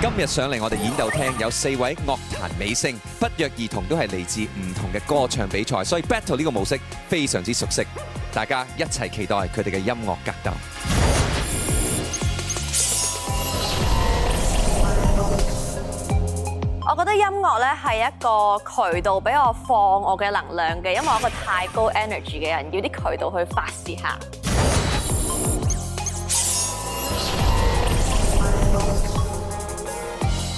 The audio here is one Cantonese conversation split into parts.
今日上嚟，我哋演奏廳有四位樂壇美聲，不約而同都係嚟自唔同嘅歌唱比賽，所以 Battle 呢個模式非常之熟悉，大家一齊期待佢哋嘅音樂格鬥。我覺得音樂咧係一個渠道，俾我放我嘅能量嘅，因為我一個太高 energy 嘅人，要啲渠道去發洩下。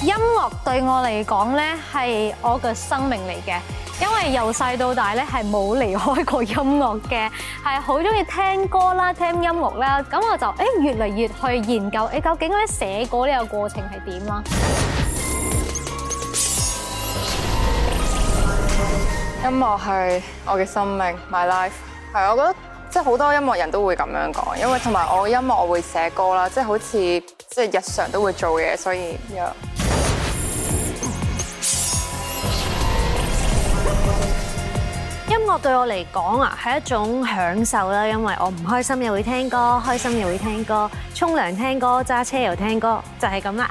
音樂對我嚟講咧係我嘅生命嚟嘅，因為由細到大咧係冇離開過音樂嘅，係好中意聽歌啦、聽音樂啦。咁我就誒越嚟越去研究，誒究竟咧寫歌呢個過程係點啊？音樂係我嘅生命，my life。係，我覺得即係好多音樂人都會咁樣講，因為同埋我音樂，我會寫歌啦，即係好似即係日常都會做嘢，所以音樂對我嚟講啊，係一種享受啦，因為我唔開心又會聽歌，開心又會聽歌，沖涼聽歌，揸車又聽歌，就係咁啦。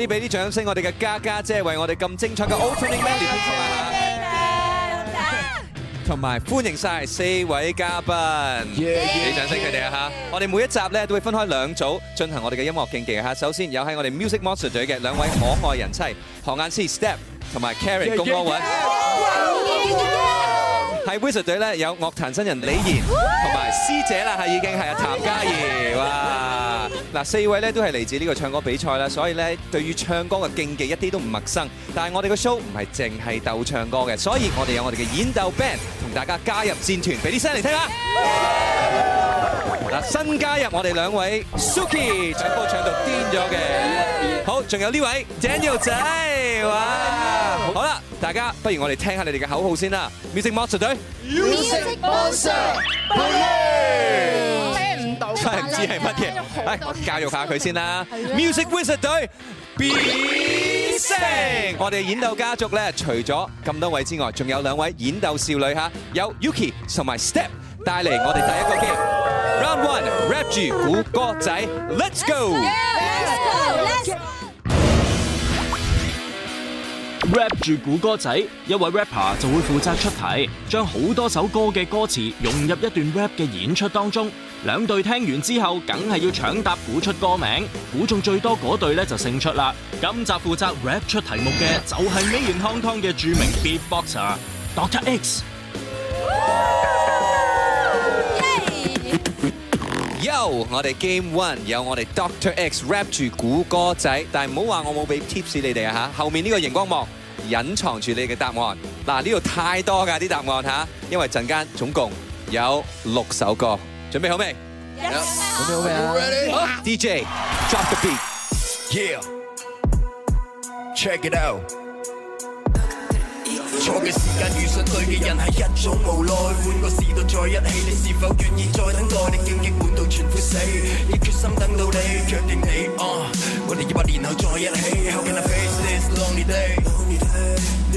啲俾啲掌聲，我哋嘅嘉嘉姐為我哋咁精彩嘅 opening 呢。同埋歡迎曬四位嘉賓，你掌聲佢哋啊嚇！我哋每一集咧都會分開兩組進行我哋嘅音樂競技嚇。首先有喺我哋 music monster 隊嘅兩位可愛人妻，何雁詩 step 同埋 carrie 龔柯允。喺 wizard 隊咧有樂壇新人李妍同埋師姐啦，係已經係啊譚嘉儀哇！嗱，四位咧都係嚟自呢個唱歌比賽啦，所以咧對於唱歌嘅競技一啲都唔陌生。但係我哋嘅 show 唔係淨係鬥唱歌嘅，所以我哋有我哋嘅演奏 band 同大家加入戰團，俾啲聲嚟聽下啦！嗱，新加入我哋兩位，Suki 唱歌唱到癲咗嘅，好，仲有呢位 Daniel 仔，哇！好啦，大家不如我哋聽下你哋嘅口號先啦，Music Monster 隊，Music Monster，Boom！真係唔知係乜嘢，誒，我教育下佢先啦。Music Wizard 隊必勝，我哋演鬥家族咧，除咗咁多位之外，仲有兩位演鬥少女嚇，有 Yuki 同埋 Step 帶嚟我哋第一個 game。Round one，rap 住估歌仔，Let's go！rap 住估歌仔，一位 rapper 就會負責出題，將好多首歌嘅歌詞融入一段 rap 嘅演出當中。兩隊聽完之後，梗係要搶答估出歌名，估中最多嗰隊咧就勝出啦。今集負責 rap 出題目嘅就係、是、美元康燙嘅著名 beatboxer Dr. X。Yo，我哋 Game One 有我哋 Dr. X rap 住估歌仔，但係唔好話我冇俾 tips 你哋啊吓，後面呢個熒光幕。隱藏住你嘅答案，嗱呢度太多噶啲答案吓，因為陣間總共有六首歌，準備好未？Ready DJ drop the beat yeah check it out。錯嘅時間遇上對嘅人係一種無奈，換個時代再一起，你是否願意再等待？你經典滿到全枯死，仍決心等到你決定你，我哋二百年後再一起。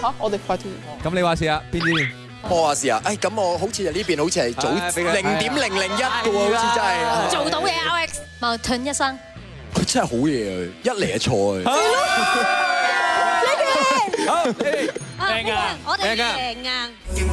好，我哋快跳完個。咁你話事啊？邊啲？我話事啊！哎，咁我好似就呢邊，好似係早零點零零一度啊，好似真係。做到嘢，dR.X，矛盾一生。佢真係好嘢啊！一嚟嘅菜。好，贏啊！我哋贏啊！贏啊！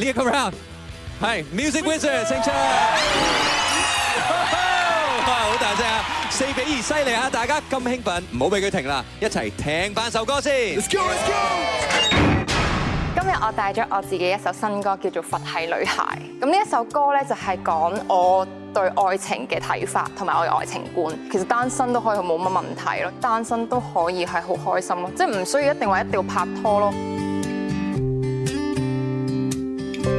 呢個 round，係 Music Wizard，勝出，好大聲啊！四比二犀利啊！大家咁興奮，唔好俾佢停啦，一齊聽翻首歌先 let's go, let's go。今日我帶咗我自己一首新歌，叫做《佛系女孩》。咁呢一首歌咧，就係講我對愛情嘅睇法，同埋我嘅愛情觀。其實單身都可以冇乜問題咯，單身都可以係好開心咯，即係唔需要一定話一定要拍拖咯。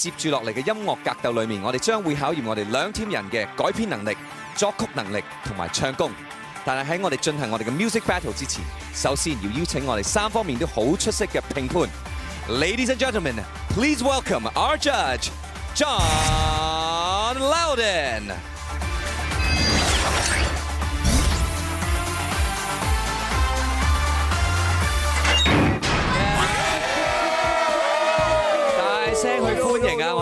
接住落嚟嘅音樂格鬥裏面，我哋將會考驗我哋兩隊人嘅改編能力、作曲能力同埋唱功。但係喺我哋進行我哋嘅 music battle 之前，首先要邀請我哋三方面都好出色嘅評判。Ladies and gentlemen, please welcome our judge John Laudon。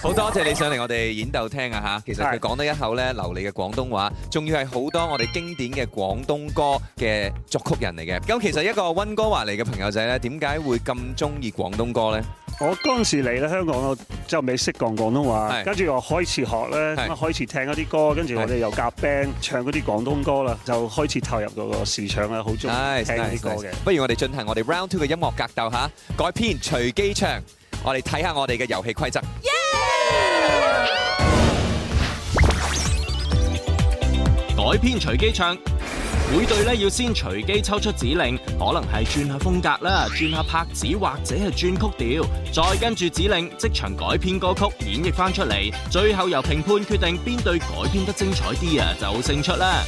好多謝你上嚟我哋演奏廳啊吓，其實佢講得一口咧流利嘅廣東話，仲要係好多我哋經典嘅廣東歌嘅作曲人嚟嘅。咁其實一個溫哥華嚟嘅朋友仔咧，點解會咁中意廣東歌咧？我當時嚟咧香港，就未識講廣東話，跟住我開始學咧，咁啊開始聽一啲歌，跟住我哋又夾 band 唱嗰啲廣東歌啦，就開始投入嗰個市場啦，好中意聽呢啲歌嘅。不如我哋進行我哋 round two 嘅音樂格鬥吓，改編隨機唱。我哋睇下我哋嘅遊戲規則。改編隨機唱，每隊咧要先隨機抽出指令，可能係轉下風格啦，轉下拍子或者係轉曲調，再跟住指令即場改編歌曲演繹返出嚟，最後由評判決定邊隊改編得精彩啲啊，就勝出啦！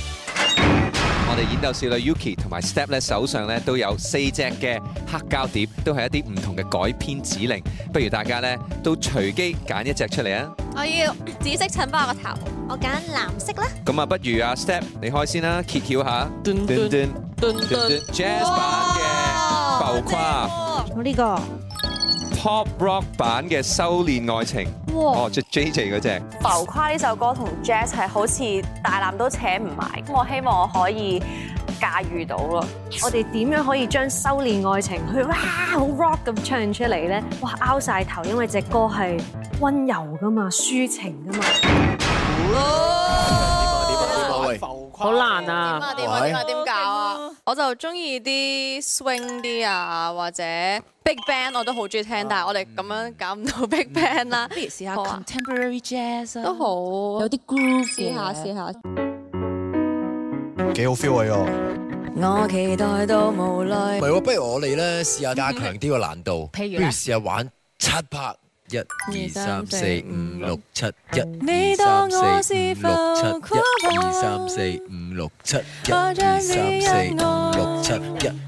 我哋演奏少女 Yuki 同埋 Step 咧，手上咧都有四隻嘅黑膠碟，都係一啲唔同嘅改編指令。不如大家咧都隨機揀一隻出嚟啊！我要紫色襯返我個頭，我揀藍色啦。咁啊，不如啊 Step 你先開先啦，揭曉下噔噔噔噔噔的，Jazz 版嘅，浮誇呢 Pop Rock 版嘅《修煉愛情》，哦，即 JJ 嗰隻。浮誇呢首歌同 Jazz 係好似大纜都扯唔埋，咁我希望我可以駕馭到咯。我哋點樣可以將《修煉愛情》去哇好 Rock 咁唱出嚟咧？哇，拗晒頭，因為隻歌係溫柔噶嘛，抒情噶嘛。好難啊！點啊點啊點啊點、啊、搞啊、哦、啊！我就中意啲 swing 啲啊，或者 Big Band 我都好中意聽，啊、但係我哋咁樣搞唔到 Big Band 啦。不如試下 contemporary jazz 啊，都好、啊、有啲 groove 試下試下，幾好 feel 啊、嗯！我期待到無淚。係 不如我哋咧試下加強啲個難度，不、嗯、如試下玩七拍。是想一二三四五六七，一二三四五六七，一二三四五六七，一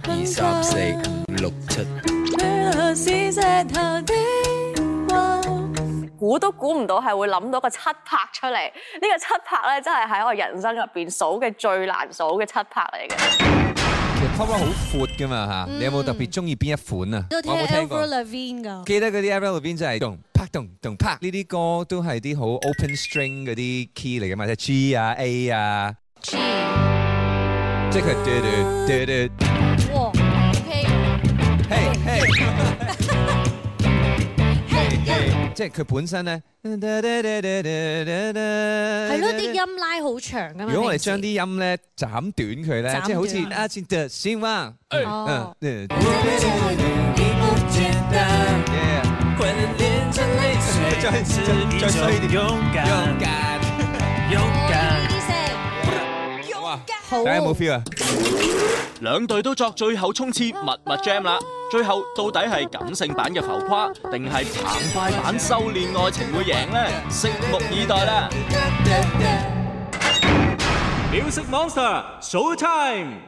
二三四五六七，一二三四五六七。估都估唔到係會諗到個七拍出嚟，呢個七拍咧真係喺我人生入邊數嘅最難數嘅七拍嚟嘅。其實 pop 好闊噶嘛嚇，你有冇特別中意邊一款啊？我冇聽過。記得嗰啲 Elvin 就係咚啪咚咚啪，呢啲歌都係啲好 open string 嗰啲 key 嚟噶嘛，即係 G 啊、A 啊。G，即係 do do do do。即係佢本身咧，係咯，啲音拉好長㗎嘛。如果我哋將啲音咧斬短佢咧，即係好似。哦。嗯。勇敢勇敢勇敢勇敢。好。大家有冇 feel 呀？兩隊都作最後衝刺，密密 jam 啦。最後到底係感性版嘅浮誇，定係殘快版修煉愛情會贏呢？拭目以待啦！Music Monster，Showtime。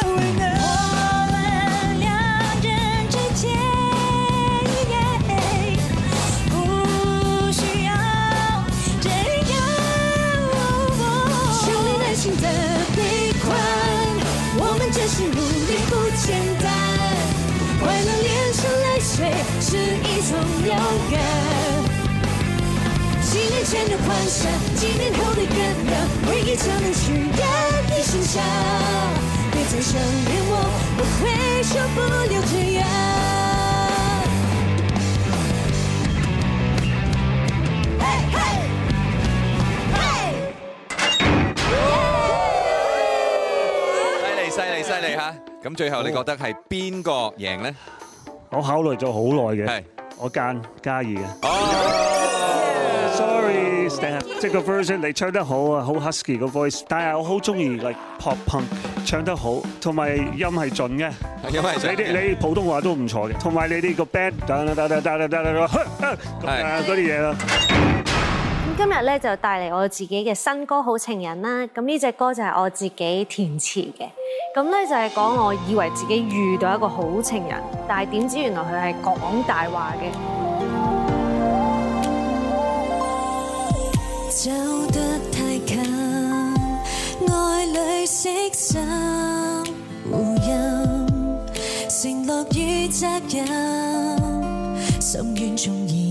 勇敢，幾年前的幻想，幾年後的原諒，唯一只能去壓抑心傷。別再想念我，我會受不了這樣。嘿，嘿，嘿，犀利，犀利，犀利哈！咁最後你覺得係邊個贏呢？我考慮咗好耐嘅。係。我間嘉儀嘅，sorry，即係個 version 你唱得好啊，好 husky 個 voice，但係我好中意個 pop rock 唱得好，同埋音係準嘅。你啲你普通話都唔錯嘅，同埋你啲個 band，係嗰啲嘢啦。今日咧就帶嚟我自己嘅新歌《好情人》啦，咁呢隻歌就係我自己填詞嘅，咁咧就係講我以為自己遇到一個好情人，但係點知原來佢係講大話嘅。走得太近，愛侶悉心護蔭，承諾與責任，心願終。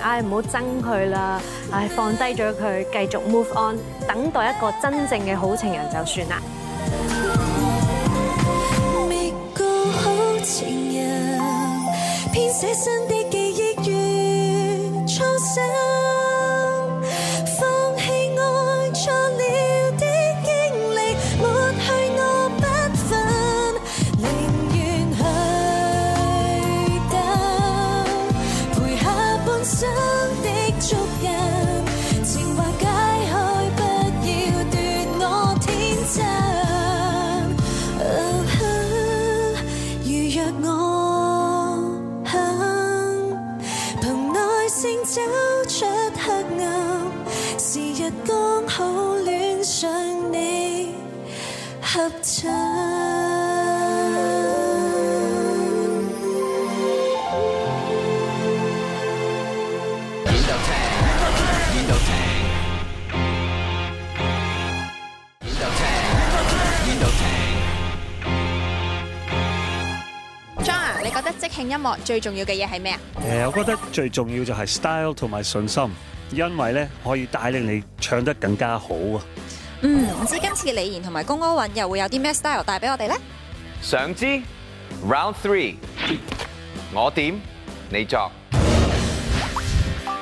唉，唔好憎佢啦！唉，放低咗佢，繼續 move on，等待一個真正嘅好情人就算啦。最重要嘅嘢係咩啊？誒，我覺得最重要就係 style 同埋信心，因為咧可以帶領你唱得更加好啊。嗯，唔知今次李妍同埋龔柯允又會有啲咩 style 帶俾我哋咧？想知 Round Three，我點你作？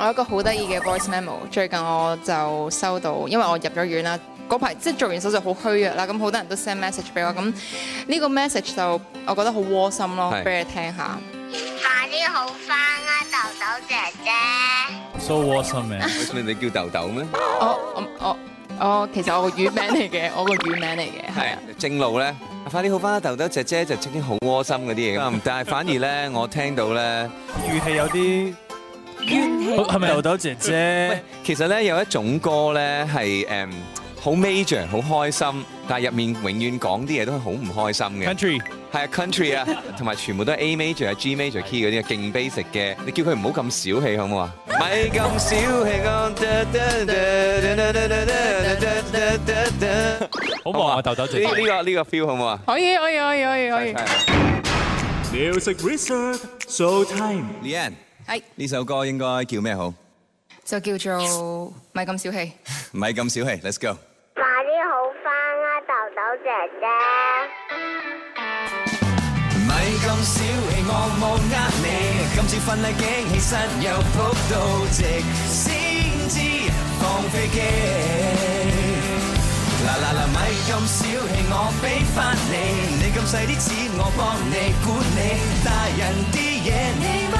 我有一個好得意嘅 voice memo，最近我就收到，因為我入咗院啦，嗰排即係做完手術好虛弱啦，咁好多人都 send message 俾我，咁呢個 message 就我覺得好窩心咯，俾你聽下。快啲好翻啊，豆豆姐姐！So 窩心名，你叫豆豆咩？ 我我我其實我個乳名嚟嘅，我個乳名嚟嘅。係 正路咧，快啲好翻啊，豆豆姐姐就曾經好窩心嗰啲嘢， 但係反而咧我聽到咧 語氣有啲。係咪豆豆姐姐，喂，其實咧有一種歌咧係誒好 major 好開心，但係入面永遠講啲嘢都係好唔開心嘅。Country 係啊，Country 啊，同埋全部都係 A major、G major、Key 嗰啲啊，勁 basic 嘅。你叫佢唔好咁小氣好唔好啊？唔係咁小氣，我得得得得得得得得得得。好唔好啊？豆豆姐姐，呢個呢個 feel 好唔好啊？可以可以可以可以可以。New York reserve show time。李安。呢首歌應該叫咩好？就叫做咪咁小氣，咪咁小氣，Let's go。快啲好翻啊，豆豆姐姐。咪咁小氣，我冇呃你，今次分禮金其實又補到直先知放飛機。嗱嗱嗱，咪咁小氣，我俾翻你，你咁細啲錢我幫你管理，大人啲嘢你。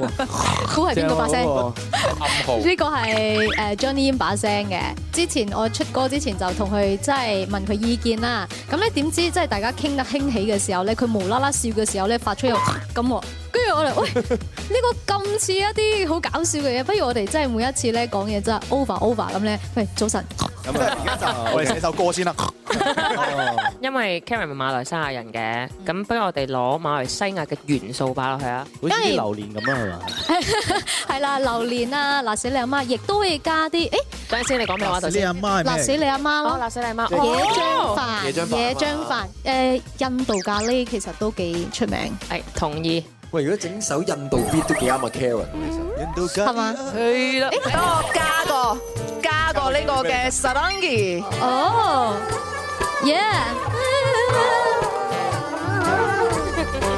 是哪好係邊 個把聲？呢個係誒 Johnny 把聲嘅。之前我出歌之前就同佢即係問佢意見啦。咁咧，點知即係大家傾得興起嘅時候咧，佢無啦啦笑嘅時候咧，發出一個咁。跟住我哋喂，呢個咁似一啲好搞笑嘅嘢。不如我哋真係每一次咧，講嘢真係 over over 咁咧。喂，早晨。即係而家就我哋寫首歌先啦。因為 Kevin 係馬來西亞人嘅，咁不如我哋攞馬來西亞嘅元素擺落去啊，好似啲榴蓮咁啊，係嘛？係啦，榴蓮啊，辣死你阿媽！亦都可以加啲，誒，等陣先嚟講咩話頭先。辣死你阿媽，辣死你阿媽咯，椰漿飯，椰漿飯，誒，印度咖喱其實都幾出名，係同意。喂，如果整首印度 beat 都幾啱咪 Karen 啊？係嘛？係啦，幫我加個加個呢個嘅 Sarangi 哦，yeah！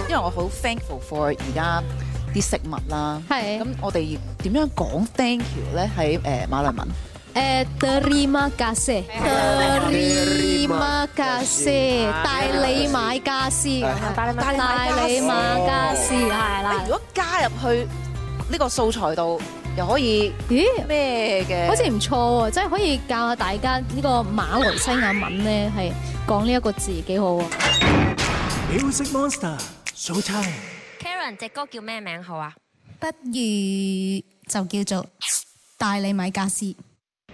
因為我好 thankful for 而家啲食物啦，係，咁我哋點樣講 thank you 咧？喺誒馬來文？誒、嗯，謝謝，謝謝，泰雷馬加斯，泰雷馬加斯係啦。誒、嗯啊啊，如果加入去呢個素材度，又可以咦咩嘅？好似唔錯喎，即係可以教下大家呢個馬來西亞文咧係講呢一個字幾好啊！Music Monster Karen 隻歌叫咩名好啊？可不如就叫做泰雷馬加斯。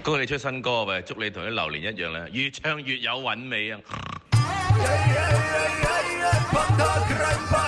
恭喜你出新歌喂，祝你同啲榴蓮一樣咧，越唱越有韻味啊！哎哎哎哎哎哎哎哎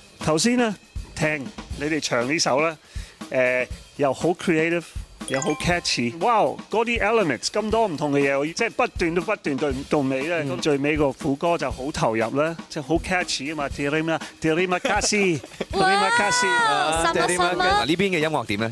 頭先咧聽你哋唱呢首咧，誒又好 creative 又好 catchy，哇！嗰啲 elements 咁多唔同嘅嘢，即係不斷都不斷對到尾咧，到最尾個副歌就好投入咧，即係好 catchy 啊嘛！Dilim 啦，Dilim 阿卡斯，Dilim 阿卡斯啊，Dilim 嗱呢邊嘅音樂點咧？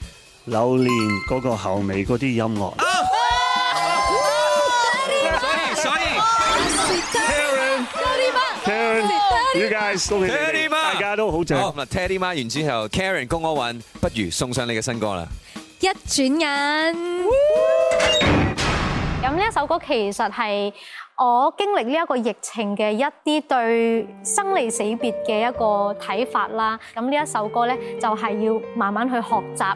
榴槤嗰個後尾嗰啲音樂。所、oh. 以、oh. oh. oh. oh. oh.，所以 Teddy Ma，Teddy Ma，You guys，大家都好正。啊、oh.，Teddy Ma 完之後，Karen，龔柯允，不如送上你嘅新歌啦，《一轉眼》。咁呢一首歌其實係我經歷呢一個疫情嘅一啲對生離死別嘅一個睇法啦。咁呢一首歌咧，就係要慢慢去學習。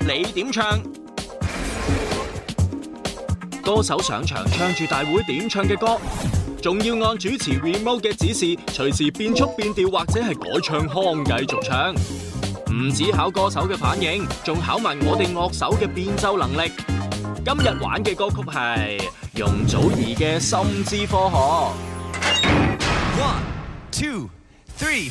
你點唱？歌手上場唱住大會點唱嘅歌，仲要按主持 Remote 嘅指示，隨時變速變調或者係改唱腔，繼續唱。唔止考歌手嘅反應，仲考埋我哋樂手嘅變奏能力。今日玩嘅歌曲係容祖兒嘅《心之科學》。One, two, three.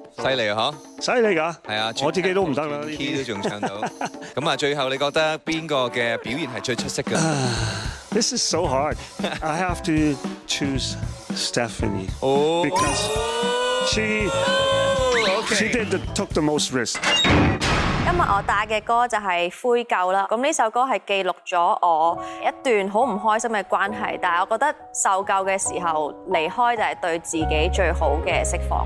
犀利嗬！犀利噶，係啊！我自己都唔得啦，啲 key 都仲唱到。咁啊，最後你覺得邊個嘅表現係最出色㗎？This is so hard. I have to choose Stephanie oh, because oh, she oh, okay. she did the, took the most risk. 今日我帶嘅歌就係《灰舊》啦。咁呢首歌係記錄咗我一段好唔開心嘅關係，但係我覺得受夠嘅時候離開就係對自己最好嘅釋放。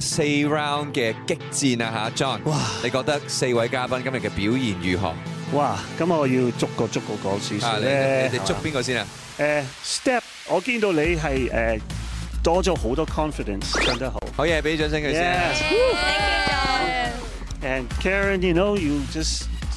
四 round 嘅激戰啊，吓 John，哇，你覺得四位嘉賓今日嘅表現如何？哇，咁我要逐個逐個講先，你你哋捉邊個先啊？誒，Step，我見到你係誒多咗好多 confidence，唱得好，好嘢，俾掌聲佢先。And Karen, you know you just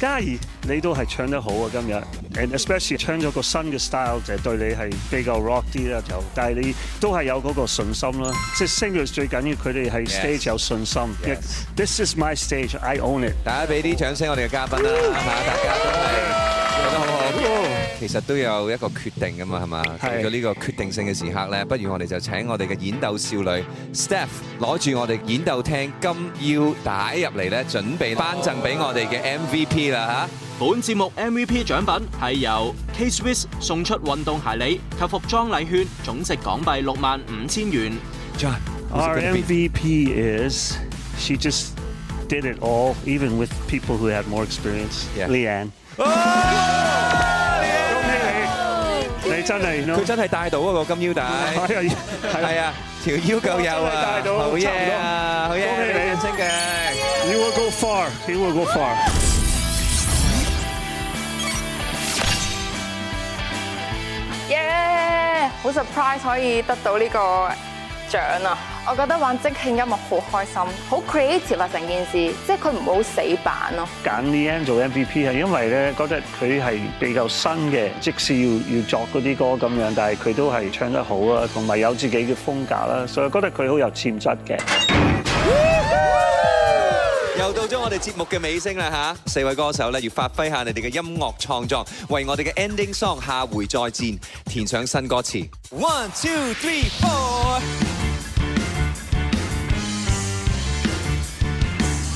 嘉儀，你都係唱得好啊！今日，and especially 唱咗個新嘅 style，就對你係比較 rock 啲啦。就，但係你都係有嗰個信心啦。即係 singer 最緊要佢哋係 stage 有信心。This is my stage, I own it。大家俾啲掌聲，我哋嘅嘉賓啦，嚇大家。唱得其實都有一個決定噶嘛，係嘛？到咗呢個決定性嘅時刻咧，不如我哋就請我哋嘅演奏少女 Steph 攞住我哋演奏廳金腰帶入嚟咧，準備頒贈俾我哋嘅 MVP 啦嚇！本節目 MVP 獎品係由 K Swiss 送出運動鞋禮及服裝禮券，總值港幣六萬五千元。John，our MVP is she just did it all even with people who had more experience，yeah Leanne。真係，佢真係帶到啊個金腰帶，係啊條腰夠幼啊，帶到，好嘢啊，好嘢！恭喜你升級，腰會 go far，腰會 go far，耶！好 surprise 可以得到呢個獎啊！我覺得玩即興音樂好開心，好 creative 啊！成件事，即係佢唔會好死板咯。揀李妍做 MVP 係因為咧，覺得佢係比較新嘅，即使要要作嗰啲歌咁樣，但係佢都係唱得好啊，同埋有自己嘅風格啦，所以覺得佢好有潛質嘅。又到咗我哋節目嘅尾聲啦吓，四位歌手咧要發揮下你哋嘅音樂創作，為我哋嘅 Ending Song《下回再戰》填上新歌詞。One two three four。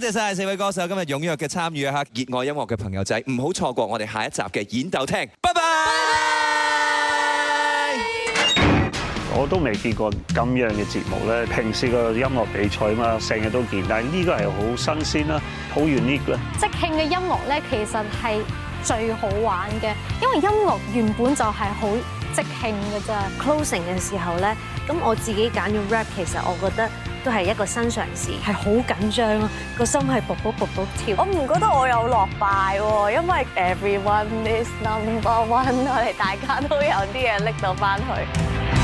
多謝晒四位歌手今日踴躍嘅參與一下，熱愛音樂嘅朋友仔，唔好錯過我哋下一集嘅演奏廳。拜拜！我都未見過咁樣嘅節目咧。平時個音樂比賽啊嘛，成日都見，但係呢個係好新鮮啦，好 unique 啦。即興嘅音樂咧，其實係最好玩嘅，因為音樂原本就係好即興噶咋。Closing 嘅時候咧，咁我自己揀咗 rap，其實我覺得。都係一個新嘗試，係好緊張咯，個心係噗噗噗噗跳。我唔覺得我有落敗喎，因為 everyone is number one，我哋大家都有啲嘢拎到翻去。